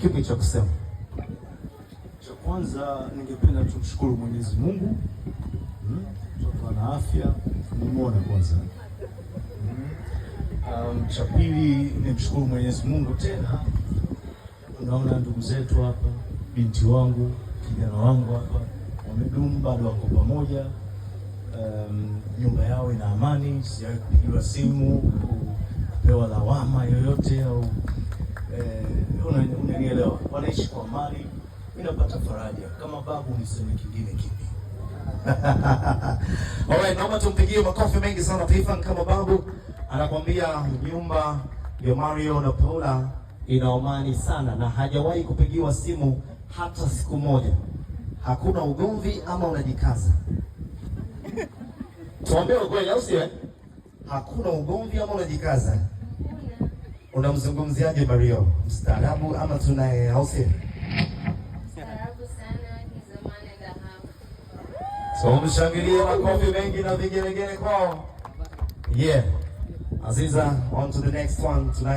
kipi cha kusema? Cha kwanza ningependa tumshukuru Mwenyezi Mungu hmm, ana afya nimwona kwanza. Hmm? Um, cha pili nimshukuru Mwenyezi Mungu tena, unaona ndugu zetu hapa, binti wangu, kijana wangu hapa wamedumu, bado wako pamoja. Um, nyumba yao ina amani, sijawahi kupigiwa simu, kupewa lawama yoyote au unaishi kwa mali, inapata faraja kama babu, niseme kingine kipi? Alright, naomba tumpigie makofi mengi sana Tiffany kama babu anakwambia nyumba ya Mario na Paula ina amani sana na hajawahi kupigiwa simu hata siku moja. Hakuna ugomvi ama unajikaza? Tuambie ukweli au siwe? Eh? Hakuna ugomvi ama unajikaza? Unamzungumziaje Mario, mstaarabu ama tunaye hausi? So mshangilie makofi mengi na vigelegele kwao. Yeah. Aziza, on to the next one tonight.